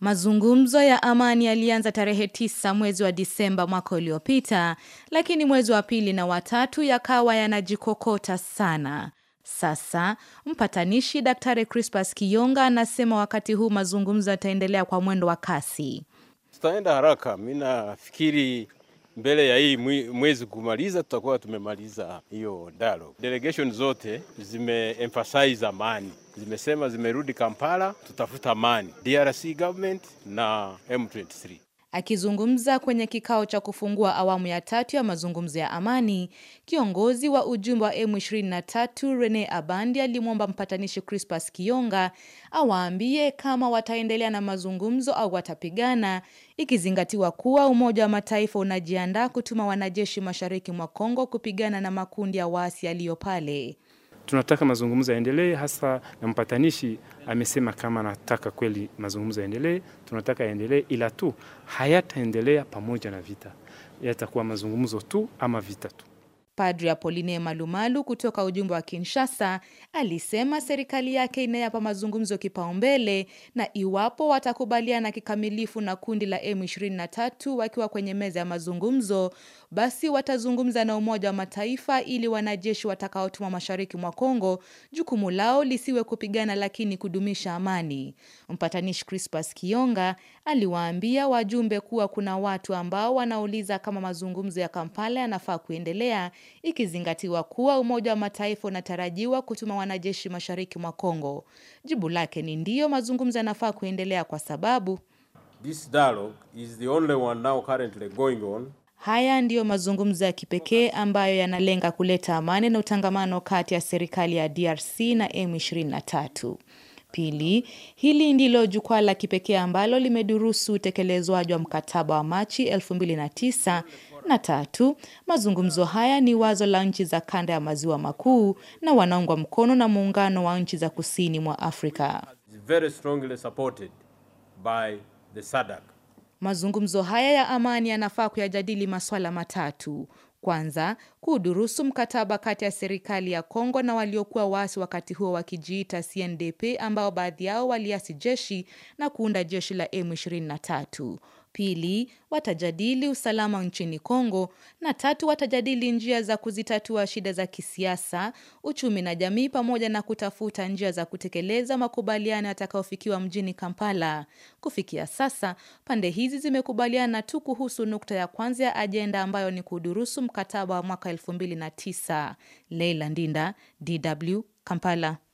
Mazungumzo ya amani yalianza tarehe tisa mwezi wa Disemba mwaka uliopita, lakini mwezi wa pili na watatu yakawa yanajikokota sana. Sasa mpatanishi Daktari Crispas Kiyonga anasema wakati huu mazungumzo yataendelea kwa mwendo wa kasi. Tutaenda haraka, mi nafikiri mbele ya hii mwezi kumaliza, tutakuwa tumemaliza hiyo dialogue. Delegation zote zimeemphasize amani, zimesema zimerudi Kampala, tutafuta amani, DRC government na M23. Akizungumza kwenye kikao cha kufungua awamu ya tatu ya mazungumzo ya amani, kiongozi wa ujumbe wa M23 Rene Abandi alimwomba mpatanishi Crispas Kionga awaambie kama wataendelea na mazungumzo au watapigana, ikizingatiwa kuwa Umoja wa Mataifa unajiandaa kutuma wanajeshi mashariki mwa Kongo kupigana na makundi ya waasi yaliyo pale tunataka mazungumzo yaendelee, hasa na mpatanishi amesema kama anataka kweli mazungumzo yaendelee, tunataka yaendelee, ila tu hayataendelea pamoja na vita, yatakuwa mazungumzo tu ama vita tu. Padri Apoline Malumalu kutoka ujumbe wa Kinshasa alisema serikali yake inayapa mazungumzo kipaumbele na iwapo watakubaliana kikamilifu na kundi la M23 wakiwa kwenye meza ya mazungumzo, basi watazungumza na Umoja wa Mataifa ili wanajeshi watakaotumwa mashariki mwa Kongo jukumu lao lisiwe kupigana, lakini kudumisha amani. Mpatanishi Crispas Kionga aliwaambia wajumbe kuwa kuna watu ambao wanauliza kama mazungumzo ya Kampala yanafaa kuendelea ikizingatiwa kuwa Umoja wa Mataifa unatarajiwa kutuma wanajeshi mashariki mwa Kongo. Jibu lake ni ndiyo, mazungumzo yanafaa kuendelea kwa sababu This dialogue is the only one now currently going on. Haya ndiyo mazungumzo ya kipekee ambayo yanalenga kuleta amani na utangamano kati ya serikali ya DRC na M23. Pili, hili ndilo jukwaa la kipekee ambalo limedurusu utekelezwaji wa mkataba wa Machi 2009 na tatu, mazungumzo haya ni wazo la nchi za kanda ya maziwa makuu na wanaungwa mkono na muungano wa nchi za kusini mwa Afrika. Mazungumzo haya ya amani yanafaa kuyajadili maswala matatu. Kwanza, kudurusu mkataba kati ya serikali ya Kongo na waliokuwa waasi wakati huo wakijiita CNDP ambao baadhi yao waliasi jeshi na kuunda jeshi la M23 pili, watajadili usalama nchini Kongo na tatu, watajadili njia za kuzitatua shida za kisiasa, uchumi na jamii pamoja na kutafuta njia za kutekeleza makubaliano yatakayofikiwa mjini Kampala. Kufikia sasa, pande hizi zimekubaliana tu kuhusu nukta ya kwanza ya ajenda ambayo ni kudurusu mkataba wa mwaka 2009. Leila Ndinda, DW, Kampala.